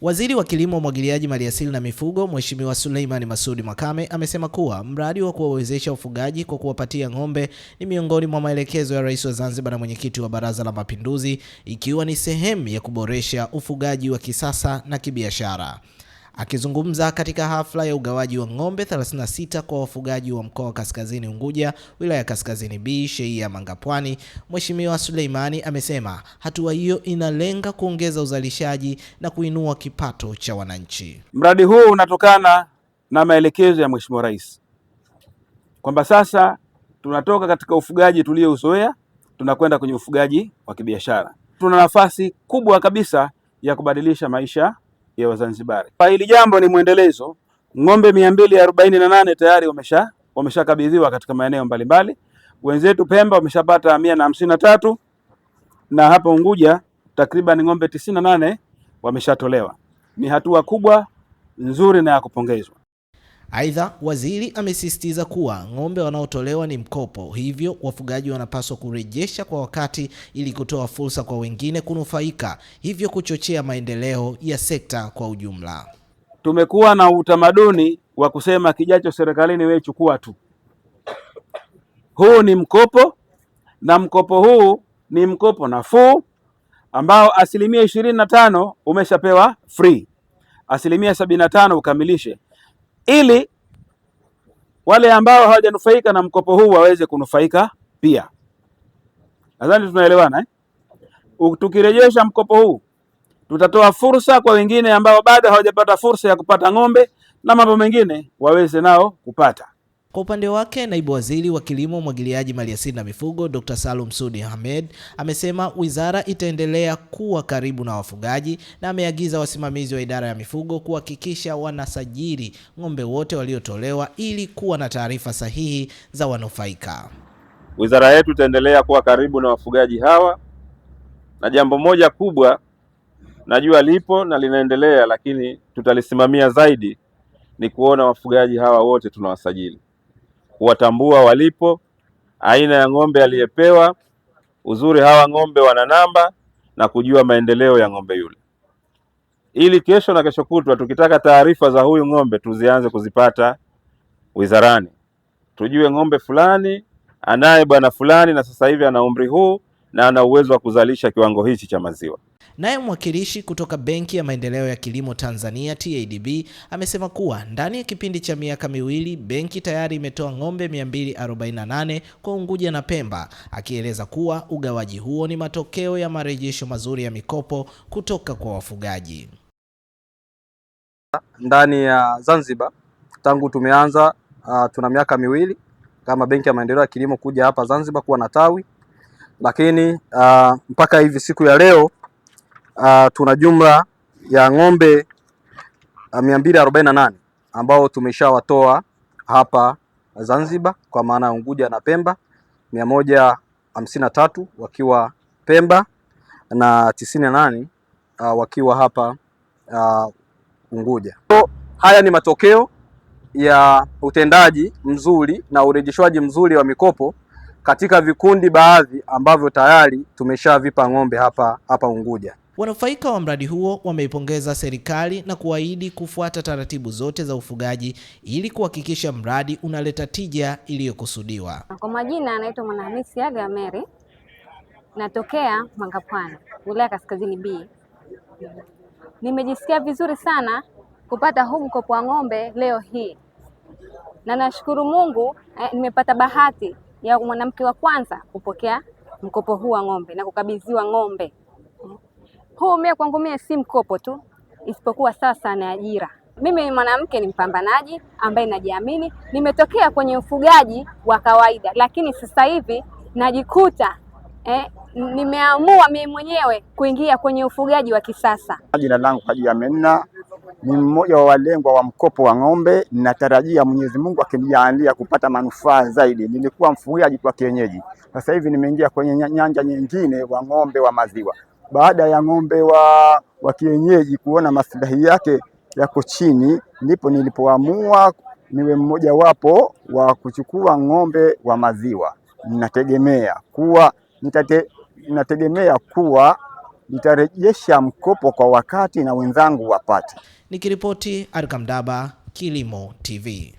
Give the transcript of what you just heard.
Waziri wa Kilimo, Umwagiliaji, Maliasili na Mifugo, Mheshimiwa Suleiman Masudi Makame amesema kuwa mradi wa kuwawezesha ufugaji kwa kuwapatia ng'ombe ni miongoni mwa maelekezo ya Rais wa Zanzibar na Mwenyekiti wa Baraza la Mapinduzi, ikiwa ni sehemu ya kuboresha ufugaji wa kisasa na kibiashara. Akizungumza katika hafla ya ugawaji wa ng'ombe 36 kwa wafugaji wa mkoa wa Kaskazini Unguja, wilaya ya Kaskazini B, shehia Mangapwani, Mheshimiwa Suleimani amesema hatua hiyo inalenga kuongeza uzalishaji na kuinua kipato cha wananchi. Mradi huu unatokana na maelekezo ya Mheshimiwa Rais kwamba sasa tunatoka katika ufugaji tuliouzoea tunakwenda kwenye ufugaji wa kibiashara. Tuna nafasi kubwa kabisa ya kubadilisha maisha ya Wazanzibari. Kwa hili jambo ni mwendelezo. Ng'ombe mia mbili arobaini na nane tayari wamesha wameshakabidhiwa katika maeneo mbalimbali. Wenzetu Pemba wameshapata mia na hamsini na tatu na hapa Unguja takriban ng'ombe tisini na nane wameshatolewa. Ni hatua kubwa nzuri na ya kupongezwa. Aidha, waziri amesisitiza kuwa ng'ombe wanaotolewa ni mkopo, hivyo wafugaji wanapaswa kurejesha kwa wakati ili kutoa fursa kwa wengine kunufaika, hivyo kuchochea maendeleo ya sekta kwa ujumla. Tumekuwa na utamaduni wa kusema kijacho serikalini, wewe chukua tu. Huu ni mkopo na mkopo huu ni mkopo nafuu ambao asilimia ishirini na tano umeshapewa free, asilimia sabini na tano ukamilishe ili wale ambao hawajanufaika na mkopo huu waweze kunufaika pia. Nadhani tunaelewana eh? Tukirejesha mkopo huu tutatoa fursa kwa wengine ambao bado hawajapata fursa ya kupata ng'ombe na mambo mengine waweze nao kupata. Kwa upande wake naibu waziri wa kilimo, umwagiliaji, maliasili na mifugo Dr. Salum Sudi Ahmed amesema wizara itaendelea kuwa karibu na wafugaji na ameagiza wasimamizi wa idara ya mifugo kuhakikisha wanasajili ng'ombe wote waliotolewa ili kuwa na taarifa sahihi za wanufaika. Wizara yetu itaendelea kuwa karibu na wafugaji hawa, na jambo moja kubwa najua lipo na linaendelea, lakini tutalisimamia zaidi ni kuona wafugaji hawa wote tunawasajili kuwatambua walipo, aina ya ng'ombe aliyepewa, uzuri hawa ng'ombe wana namba na kujua maendeleo ya ng'ombe yule, ili kesho na kesho kutwa tukitaka taarifa za huyu ng'ombe tuzianze kuzipata wizarani, tujue ng'ombe fulani anaye bwana fulani na sasa hivi ana umri huu na ana uwezo wa kuzalisha kiwango hichi cha maziwa. Naye mwakilishi kutoka Benki ya Maendeleo ya Kilimo Tanzania TADB amesema kuwa ndani ya kipindi cha miaka miwili benki tayari imetoa ng'ombe 248 kwa Unguja na Pemba, akieleza kuwa ugawaji huo ni matokeo ya marejesho mazuri ya mikopo kutoka kwa wafugaji. Ndani ya Zanzibar tangu tumeanza uh, tuna miaka miwili kama Benki ya Maendeleo ya Kilimo kuja hapa Zanzibar kuwa na tawi lakini uh, mpaka hivi siku ya leo uh, tuna jumla ya ng'ombe uh, ah, mia mbili arobaini na nane ambao tumeshawatoa hapa Zanzibar kwa maana ya Unguja na Pemba, mia moja hamsini na tatu wakiwa Pemba na tisini na nane uh, wakiwa hapa uh, Unguja. So, haya ni matokeo ya utendaji mzuri na urejeshwaji mzuri wa mikopo katika vikundi baadhi ambavyo tayari tumeshavipa ng'ombe hapa hapa Unguja. Wanufaika wa mradi huo wameipongeza serikali na kuahidi kufuata taratibu zote za ufugaji ili kuhakikisha mradi unaleta tija iliyokusudiwa. Kwa majina anaitwa Mwanahamisi Aga Ameri, natokea Mangapwani, wilaya Kaskazini B. Nimejisikia vizuri sana kupata huu mkopo wa ng'ombe leo hii na nashukuru Mungu eh, nimepata bahati ya mwanamke wa kwanza kupokea mkopo huu wa ng'ombe na kukabidhiwa ng'ombe huu. mimi kwangu mie si mkopo tu, isipokuwa sasa na ajira. Mimi ni mwanamke, ni mpambanaji ambaye najiamini, nimetokea kwenye ufugaji wa kawaida, lakini sasa hivi najikuta eh, nimeamua mimi mwenyewe kuingia kwenye ufugaji wa kisasa. Jina langu Haji Amenna ni mmoja wa walengwa wa mkopo wa ng'ombe. Natarajia Mwenyezi Mungu akinijalia kupata manufaa zaidi. Nilikuwa mfugaji kwa kienyeji, sasa hivi nimeingia kwenye nyanja nyingine wa ng'ombe wa maziwa, baada ya ng'ombe wa, wa kienyeji kuona maslahi yake yako chini, ndipo nilipoamua niwe mmojawapo wa kuchukua ng'ombe wa maziwa. Ninategemea kuwa nitate, ninategemea kuwa nitarejesha mkopo kwa wakati na wenzangu wapate. Nikiripoti Arkamdaba, Kilimo TV.